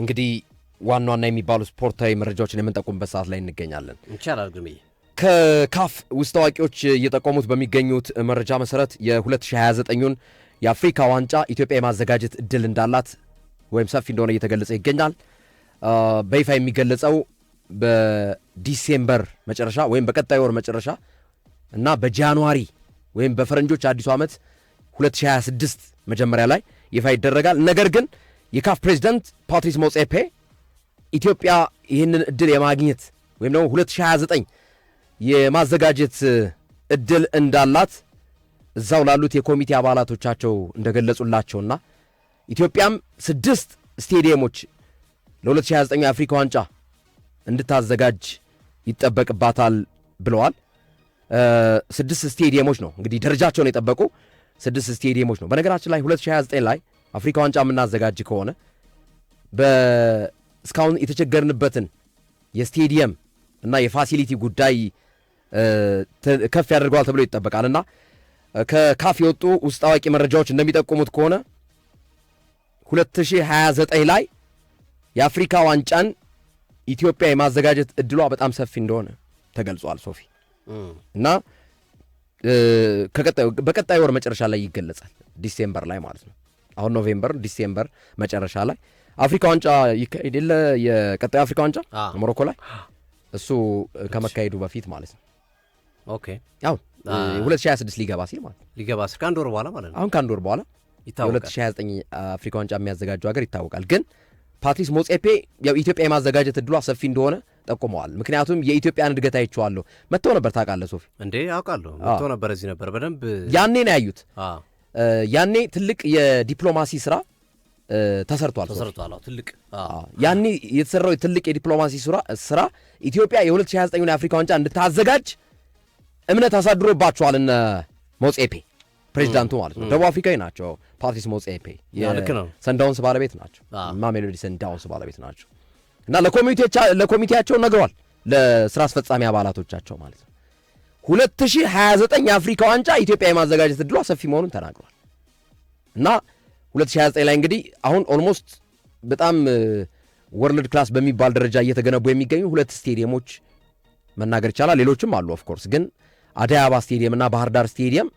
እንግዲህ ዋና ዋና የሚባሉ ስፖርታዊ መረጃዎችን የምንጠቁምበት ሰዓት ላይ እንገኛለን። ይቻላል ግን ከካፍ ውስጥ አዋቂዎች እየጠቆሙት በሚገኙት መረጃ መሰረት የ2029ን የአፍሪካ ዋንጫ ኢትዮጵያ የማዘጋጀት እድል እንዳላት ወይም ሰፊ እንደሆነ እየተገለጸ ይገኛል። በይፋ የሚገለጸው በዲሴምበር መጨረሻ ወይም በቀጣይ ወር መጨረሻ እና በጃንዋሪ ወይም በፈረንጆች አዲሱ ዓመት 2026 መጀመሪያ ላይ ይፋ ይደረጋል። ነገር ግን የካፍ ፕሬዚደንት ፓትሪስ ሞጼፔ ኢትዮጵያ ይህንን እድል የማግኘት ወይም ደግሞ 2029 የማዘጋጀት እድል እንዳላት እዛው ላሉት የኮሚቴ አባላቶቻቸው እንደገለጹላቸውና ኢትዮጵያም ስድስት ስቴዲየሞች ለ2029 የአፍሪካ ዋንጫ እንድታዘጋጅ ይጠበቅባታል ብለዋል። ስድስት ስቴዲየሞች ነው እንግዲህ ደረጃቸውን የጠበቁ ስድስት ስቴዲየሞች ነው። በነገራችን ላይ 2029 ላይ አፍሪካ ዋንጫ የምናዘጋጅ ከሆነ እስካሁን የተቸገርንበትን የስቴዲየም እና የፋሲሊቲ ጉዳይ ከፍ ያደርገዋል ተብሎ ይጠበቃል እና ከካፍ የወጡ ውስጥ አዋቂ መረጃዎች እንደሚጠቁሙት ከሆነ 2029 ላይ የአፍሪካ ዋንጫን ኢትዮጵያ የማዘጋጀት እድሏ በጣም ሰፊ እንደሆነ ተገልጿል። ሶፊ እና በቀጣይ ወር መጨረሻ ላይ ይገለጻል፣ ዲሴምበር ላይ ማለት ነው። አሁን ኖቬምበር ዲሴምበር መጨረሻ ላይ አፍሪካ ዋንጫ ይካሄድ የለ የቀጣዩ አፍሪካ ዋንጫ ሞሮኮ ላይ እሱ ከመካሄዱ በፊት ማለት ነው። ኦኬ ያው 2026 ሊገባ ሲል ማለት ነው። ሊገባ ሲል ከአንድ ወር በኋላ ማለት ነው። አሁን ከአንድ ወር በኋላ ይታወቃል። 2029 አፍሪካ ዋንጫ የሚያዘጋጀው ሀገር ይታወቃል። ግን ፓትሪስ ሞጼፔ ያው ኢትዮጵያ የማዘጋጀት እድሏ ሰፊ እንደሆነ ጠቁመዋል። ምክንያቱም የኢትዮጵያን እድገት አይቼዋለሁ። መጥተው ነበር ታውቃለህ ሶፊ? እንዴ አውቃለሁ። መጥተው ነበር እዚህ ነበር በደንብ ያኔ ነው ያዩት ያኔ ትልቅ የዲፕሎማሲ ስራ ተሰርቷል ተሰርቷል። ትልቅ ያኔ የተሰራው ትልቅ የዲፕሎማሲ ስራ ኢትዮጵያ የ2029 የአፍሪካ ዋንጫ እንድታዘጋጅ እምነት አሳድሮባቸዋል። እነ ሞጼፔ ፕሬዚዳንቱ ማለት ነው። ደቡብ አፍሪካዊ ናቸው። ፓትሪስ ሞጼፔ ሰንዳውንስ ባለቤት ናቸው። ማሜሎዲ ሰንዳውንስ ባለቤት ናቸው እና ለኮሚቴያቸው ነግሯል፣ ለስራ አስፈጻሚ አባላቶቻቸው ማለት ነው 2029 የአፍሪካ ዋንጫ ኢትዮጵያ የማዘጋጀት እድሏ ሰፊ መሆኑን ተናግሯል እና 2029 ላይ እንግዲህ አሁን ኦልሞስት በጣም ወርልድ ክላስ በሚባል ደረጃ እየተገነቡ የሚገኙ ሁለት ስቴዲየሞች መናገር ይቻላል። ሌሎችም አሉ ኦፍኮርስ፣ ግን አደይ አበባ ስቴዲየም እና ባህር ዳር ስቴዲየም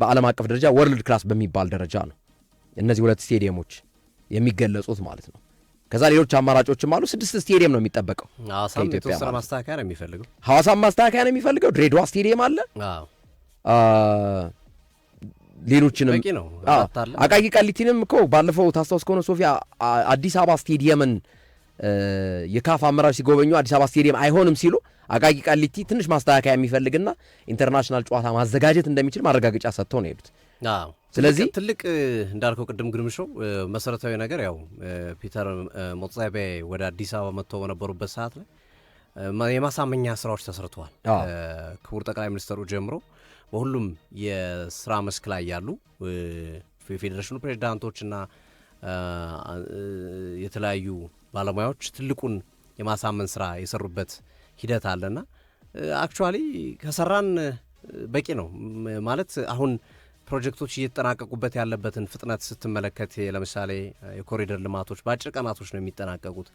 በዓለም አቀፍ ደረጃ ወርልድ ክላስ በሚባል ደረጃ ነው እነዚህ ሁለት ስቴዲየሞች የሚገለጹት ማለት ነው። ከዛ ሌሎች አማራጮችም አሉ። ስድስት ስቴዲየም ነው የሚጠበቀው። ሀዋሳ ማስተካከያ ነው የሚፈልገው፣ ሀዋሳም ማስተካከያ ነው የሚፈልገው። ድሬዳዋ ስቴዲየም አለ። ሌሎችንም አቃቂ ቃሊቲንም እኮ ባለፈው ታስታውስ ከሆነ ሶፊያ አዲስ አበባ ስቴዲየምን የካፍ አመራር ሲጎበኙ አዲስ አበባ ስቴዲየም አይሆንም ሲሉ አቃቂ ቃሊቲ ትንሽ ማስተካከያ የሚፈልግና ኢንተርናሽናል ጨዋታ ማዘጋጀት እንደሚችል ማረጋገጫ ሰጥተው ነው የሄዱት። ስለዚህ ትልቅ እንዳልከው ቅድም ግድምሾ መሰረታዊ ነገር ያው ፒተር ሞትዛቤ ወደ አዲስ አበባ መጥቶ በነበሩበት ሰዓት ላይ የማሳመኛ ስራዎች ተሰርተዋል። ክቡር ጠቅላይ ሚኒስትሩ ጀምሮ በሁሉም የስራ መስክ ላይ ያሉ የፌዴሬሽኑ ፕሬዚዳንቶችና የተለያዩ ባለሙያዎች ትልቁን የማሳመን ስራ የሰሩበት ሂደት አለና አክቹዋሊ ከሰራን በቂ ነው ማለት አሁን ፕሮጀክቶች እየተጠናቀቁበት ያለበትን ፍጥነት ስትመለከት ለምሳሌ የኮሪደር ልማቶች በአጭር ቀናቶች ነው የሚጠናቀቁት።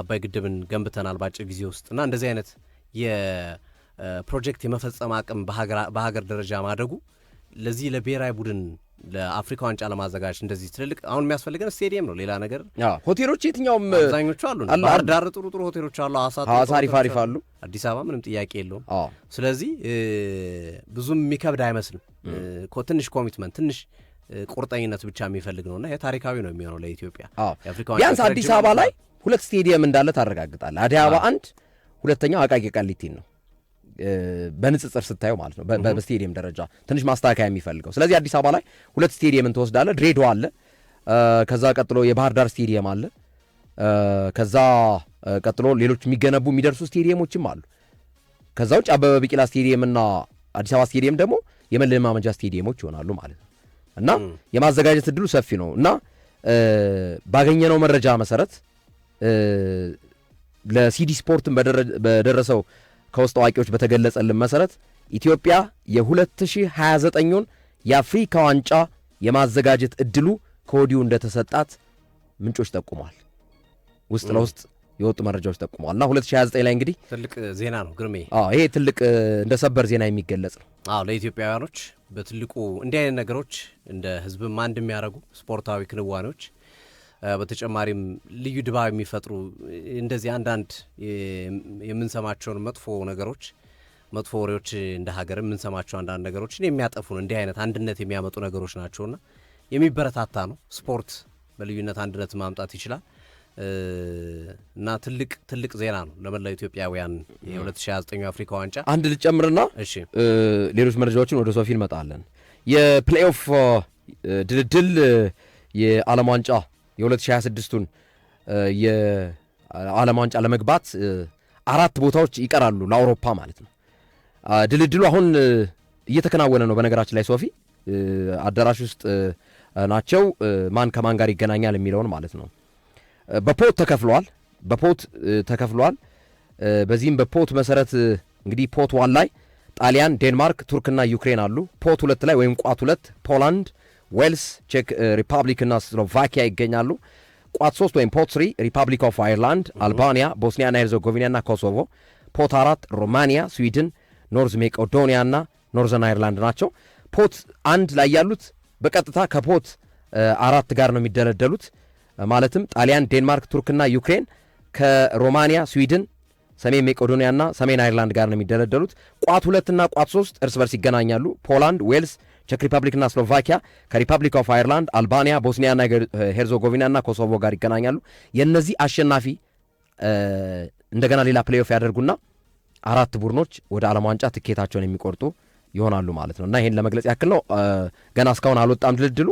አባይ ግድብን ገንብተናል በአጭር ጊዜ ውስጥ እና እንደዚህ አይነት የፕሮጀክት የመፈጸም አቅም በሀገር ደረጃ ማደጉ ለዚህ ለብሔራዊ ቡድን ለአፍሪካ ዋንጫ ለማዘጋጀት እንደዚህ ትልልቅ አሁን የሚያስፈልገን ስቴዲየም ነው። ሌላ ነገር ሆቴሎች የትኛውም አብዛኞቹ አሉ። ባህር ዳር ጥሩ ጥሩ ሆቴሎች አሉ። ሀዋሳ አሪፍ አሪፍ አሉ። አዲስ አበባ ምንም ጥያቄ የለውም። ስለዚህ ብዙም የሚከብድ አይመስልም። ትንሽ ኮሚትመንት ትንሽ ቁርጠኝነት ብቻ የሚፈልግ ነውና ታሪካዊ ነው የሚሆነው ለኢትዮጵያ። ቢያንስ አዲስ አበባ ላይ ሁለት ስቴዲየም እንዳለ ታረጋግጣለህ። አዲስ አበባ አንድ፣ ሁለተኛው አቃቂ ቃሊቲን ነው በንጽጽር ስታየው ማለት ነው በስቴዲየም ደረጃ ትንሽ ማስተካከያ የሚፈልገው። ስለዚህ አዲስ አበባ ላይ ሁለት ስቴዲየምን ትወስዳለህ። ድሬዳዋ አለ፣ ከዛ ቀጥሎ የባህር ዳር ስቴዲየም አለ፣ ከዛ ቀጥሎ ሌሎች የሚገነቡ የሚደርሱ ስቴዲየሞችም አሉ። ከዛ ውጭ አበበ ቢቂላ ስቴዲየምና አዲስ አበባ ስቴዲየም ደግሞ የመለማመጃ ስቴዲየሞች ይሆናሉ ማለት ነው እና የማዘጋጀት እድሉ ሰፊ ነው እና ባገኘነው መረጃ መሰረት ለሲዲ ስፖርትን በደረሰው ከውስጥ አዋቂዎች በተገለጸልን መሰረት ኢትዮጵያ የ2029ን የአፍሪካ ዋንጫ የማዘጋጀት እድሉ ከወዲሁ እንደተሰጣት ምንጮች ጠቁመዋል። ውስጥ ለውስጥ የወጡ መረጃዎች ጠቁመዋል። እና 2029 ላይ እንግዲህ ትልቅ ዜና ነው ግርሜ። ይሄ ትልቅ እንደ ሰበር ዜና የሚገለጽ ነው። አዎ ለኢትዮጵያውያኖች በትልቁ እንዲህ አይነት ነገሮች እንደ ህዝብም አንድ የሚያደርጉ ስፖርታዊ ክንዋኔዎች በተጨማሪም ልዩ ድባብ የሚፈጥሩ እንደዚህ አንዳንድ የምንሰማቸውን መጥፎ ነገሮች መጥፎ ወሬዎች እንደ ሀገር የምንሰማቸው አንዳንድ ነገሮችን የሚያጠፉን እንዲህ አይነት አንድነት የሚያመጡ ነገሮች ናቸውና የሚበረታታ ነው። ስፖርት በልዩነት አንድነት ማምጣት ይችላል እና ትልቅ ትልቅ ዜና ነው ለመላው ኢትዮጵያውያን የ2029 አፍሪካ ዋንጫ። አንድ ልጨምርና ሌሎች መረጃዎችን ወደ ሶፊ እንመጣለን። የፕሌይኦፍ ድልድል የዓለም ዋንጫ የ2026ቱን የዓለም ዋንጫ ለመግባት አራት ቦታዎች ይቀራሉ ለአውሮፓ ማለት ነው። ድልድሉ አሁን እየተከናወነ ነው። በነገራችን ላይ ሶፊ አዳራሽ ውስጥ ናቸው። ማን ከማን ጋር ይገናኛል የሚለውን ማለት ነው። በፖት ተከፍሏል። በፖት ተከፍሏል። በዚህም በፖት መሰረት እንግዲህ ፖት ዋን ላይ ጣሊያን፣ ዴንማርክ፣ ቱርክና ዩክሬን አሉ። ፖት ሁለት ላይ ወይም ቋት ሁለት ፖላንድ ዌልስ፣ ቼክ ሪፐብሊክ እና ስሎቫኪያ ይገኛሉ። ቋት 3 ወይም ፖት 3 ሪፐብሊክ ኦፍ አይርላንድ፣ አልባንያ፣ ቦስኒያና ሄርዘጎቪና ና ኮሶቮ። ፖት 4 ሮማኒያ፣ ስዊድን፣ ኖርዝ ሜቄዶኒያ ኖርዘን አይርላንድ ናቸው። ፖት አንድ ላይ ያሉት በቀጥታ ከፖት አራት ጋር ነው የሚደለደሉት። ማለትም ጣሊያን፣ ዴንማርክ፣ ቱርክና ዩክሬን ከሮማኒያ፣ ስዊድን፣ ሰሜን ሜቄዶኒያና ሰሜን አይርላንድ ጋር ነው የሚደለደሉት። ቋት ሁለትና ቋት ሶስት እርስ በርስ ይገናኛሉ። ፖላንድ፣ ዌልስ ቼክ ሪፐብሊክና ስሎቫኪያ ከሪፐብሊክ ኦፍ አይርላንድ፣ አልባንያ፣ ቦስኒያና ሄርዞጎቪናና ኮሶቮ ጋር ይገናኛሉ። የእነዚህ አሸናፊ እንደገና ሌላ ፕሌይኦፍ ያደርጉና አራት ቡድኖች ወደ ዓለም ዋንጫ ትኬታቸውን የሚቆርጡ ይሆናሉ ማለት ነው እና ይህን ለመግለጽ ያክል ነው። ገና እስካሁን አልወጣም ድልድሉ።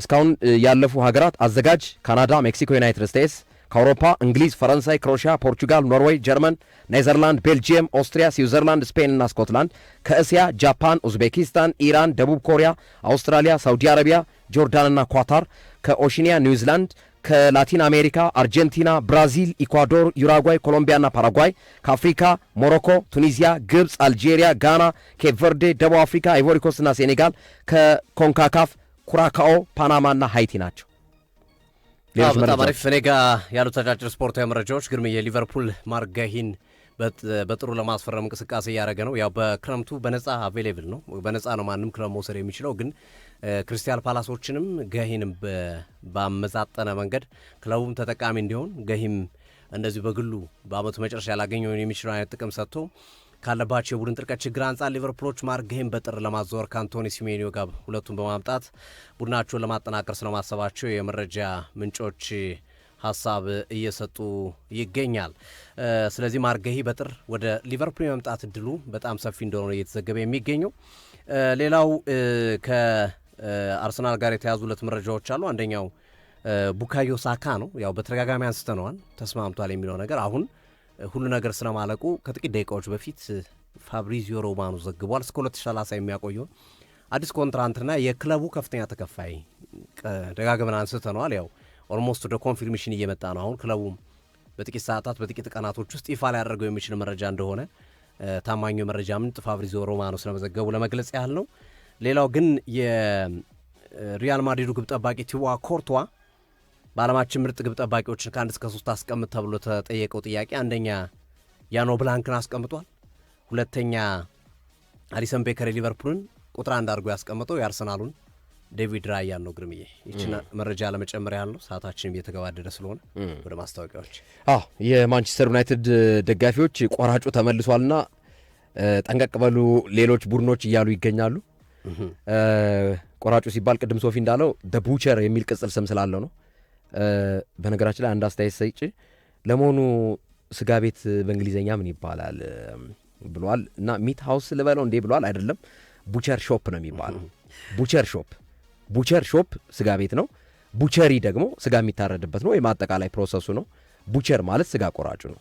እስካሁን ያለፉ ሀገራት አዘጋጅ ካናዳ፣ ሜክሲኮ፣ ዩናይትድ ስቴትስ ከአውሮፓ እንግሊዝ፣ ፈረንሳይ፣ ክሮሽያ፣ ፖርቹጋል፣ ኖርዌይ፣ ጀርመን፣ ኔዘርላንድ፣ ቤልጅየም፣ ኦስትሪያ፣ ስዊዘርላንድ፣ ስፔን እና ስኮትላንድ ከእስያ ጃፓን፣ ኡዝቤኪስታን፣ ኢራን፣ ደቡብ ኮሪያ፣ አውስትራሊያ፣ ሳውዲ አረቢያ፣ ጆርዳንና ኳታር ከኦሽኒያ ኒውዚላንድ ከላቲን አሜሪካ አርጀንቲና፣ ብራዚል፣ ኢኳዶር፣ ዩራጓይ፣ ኮሎምቢያና ፓራጓይ ከአፍሪካ ሞሮኮ፣ ቱኒዚያ፣ ግብፅ፣ አልጄሪያ፣ ጋና፣ ቨርዴ፣ ደቡብ አፍሪካ፣ አይቮሪኮስትና ሴኔጋል ከኮንካካፍ ኩራካኦ፣ ፓናማና ሃይቲ ናቸው። በጣም አሪፍ። እኔ ጋ ያሉት አጫጭር ስፖርታዊ መረጃዎች ግርም የሊቨርፑል ማርጋሂን በጥሩ ለማስፈረም እንቅስቃሴ እያደረገ ነው። ያው በክረምቱ በነጻ አቬሌብል ነው፣ በነጻ ነው ማንም ክለብ መውሰድ የሚችለው ግን ክርስቲያል ፓላሶችንም ገሂንም ባመዛጠነ መንገድ ክለቡም ተጠቃሚ እንዲሆን ገሂም እንደዚሁ በግሉ በአመቱ መጨረሻ ያላገኘውን የሚችለው አይነት ጥቅም ሰጥቶ ካለባቸው የቡድን ጥልቀት ችግር አንጻር ሊቨርፑሎች ማርገሄን በጥር ለማዘወር ከአንቶኒ ሲሜኒዮ ጋር ሁለቱን በማምጣት ቡድናቸውን ለማጠናከር ስለማሰባቸው የመረጃ ምንጮች ሀሳብ እየሰጡ ይገኛል። ስለዚህ ማርገሂ በጥር ወደ ሊቨርፑል የመምጣት እድሉ በጣም ሰፊ እንደሆነ እየተዘገበ የሚገኘው ሌላው ከአርሰናል ጋር የተያዙ ሁለት መረጃዎች አሉ። አንደኛው ቡካዮ ሳካ ነው። ያው በተደጋጋሚ አንስተነዋል፣ ተስማምቷል የሚለው ነገር አሁን ሁሉ ነገር ስለማለቁ ከጥቂት ደቂቃዎች በፊት ፋብሪዚዮ ሮማኖ ዘግቧል። እስከ 2030 የሚያቆየውን አዲስ ኮንትራንትና የክለቡ ከፍተኛ ተከፋይ ደጋግመን አንስተነዋል። ያው ኦልሞስት ወደ ኮንፊርሜሽን እየመጣ ነው። አሁን ክለቡ በጥቂት ሰዓታት በጥቂት ቀናቶች ውስጥ ይፋ ሊያደርገው የሚችል መረጃ እንደሆነ ታማኙ መረጃ ምንጭ ፋብሪዚዮ ሮማኖ ስለመዘገቡ ለመግለጽ ያህል ነው። ሌላው ግን የሪያል ማድሪዱ ግብ ጠባቂ ቲዋ ኮርቷ በዓለማችን ምርጥ ግብ ጠባቂዎችን ከአንድ እስከ ሶስት አስቀምጥ ተብሎ ተጠየቀው ጥያቄ አንደኛ ያኖ ብላንክን አስቀምጧል። ሁለተኛ አሊሰን ቤከር ሊቨርፑልን ቁጥር አንድ አድርጎ ያስቀምጠው የአርሰናሉን ዴቪድ ራያን ነው። ግርምዬ ይችን መረጃ ለመጨመር ያህል ነው። ሰዓታችንም እየተገባደደ ስለሆነ ወደ ማስታወቂያዎች። አዎ የማንቸስተር ዩናይትድ ደጋፊዎች ቆራጩ ተመልሷልና ጠንቀቅ በሉ ሌሎች ቡድኖች እያሉ ይገኛሉ። ቆራጩ ሲባል ቅድም ሶፊ እንዳለው ደ ቡቸር የሚል ቅጽል ስም ስላለው ነው። በነገራችን ላይ አንድ አስተያየት ሰጪ ለመሆኑ ስጋ ቤት በእንግሊዝኛ ምን ይባላል ብሏል። እና ሚት ሀውስ ልበለው እንዴ ብሏል። አይደለም ቡቸር ሾፕ ነው የሚባለው። ቡቸር ሾፕ ቡቸር ሾፕ ስጋ ቤት ነው። ቡቸሪ ደግሞ ስጋ የሚታረድበት ነው ወይም አጠቃላይ ፕሮሰሱ ነው። ቡቸር ማለት ስጋ ቆራጩ ነው።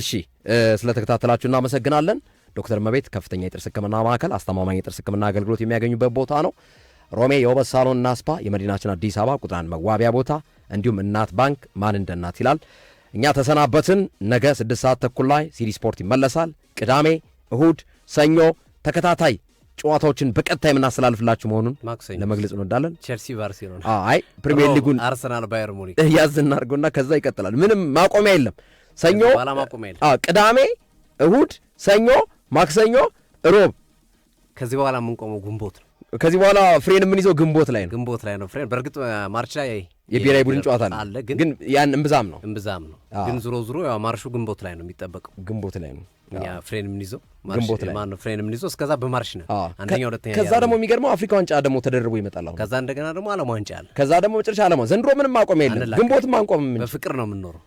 እሺ ስለተከታተላችሁ እናመሰግናለን። ዶክተር መቤት ከፍተኛ የጥርስ ህክምና ማዕከል አስተማማኝ የጥርስ ህክምና አገልግሎት የሚያገኙበት ቦታ ነው። ሮሜ የውበት ሳሎንና ስፓ የመዲናችን አዲስ አበባ ቁጥር አንድ መዋቢያ ቦታ እንዲሁም እናት ባንክ ማን እንደ እናት ይላል። እኛ ተሰናበትን። ነገ ስድስት ሰዓት ተኩል ላይ ሲዲ ስፖርት ይመለሳል። ቅዳሜ፣ እሁድ፣ ሰኞ ተከታታይ ጨዋታዎችን በቀጥታ የምናስተላልፍላችሁ መሆኑን ለመግለጽ እንወዳለን። ቼልሲ ባርሴሎና፣ አይ ፕሪሚየር ሊጉን አርሰናል፣ ባየር ሙኒክ እያዝ እናድርገውና ከዛ ይቀጥላል። ምንም ማቆሚያ የለም። ሰኞ፣ ቅዳሜ፣ እሁድ፣ ሰኞ፣ ማክሰኞ፣ ሮብ ከዚህ በኋላ የምንቆመው ጉንቦት ነው። ከዚህ በኋላ ፍሬን የምንይዘው ግንቦት ላይ ነው። ግንቦት ላይ ነው ፍሬን። በእርግጥ ማርች ላይ የብሔራዊ ቡድን ጨዋታ ነው አለ፣ ግን ያን እምብዛም ነው እምብዛም ነው። ግን ዞሮ ዞሮ ያው ማርሹ ግንቦት ላይ ነው የሚጠበቀው። ግንቦት ላይ ነው እኛ ፍሬን የምንይዘው ግንቦት ላይ ማነው ፍሬን የምንይዘው? እስከዛ በማርሽ ነው አንደኛ ሁለተኛ። ከዛ ደግሞ የሚገርመው አፍሪካ ዋንጫ ደግሞ ተደርቦ ይመጣል። አሁን ከዛ እንደገና ደግሞ ዓለም ዋንጫ አለ። ከዛ ደግሞ መጨረሻ ዓለም ዘንድሮ ምንም ማቆም የለም። ግንቦትም አንቆምም። በፍቅር ነው የምንኖረው።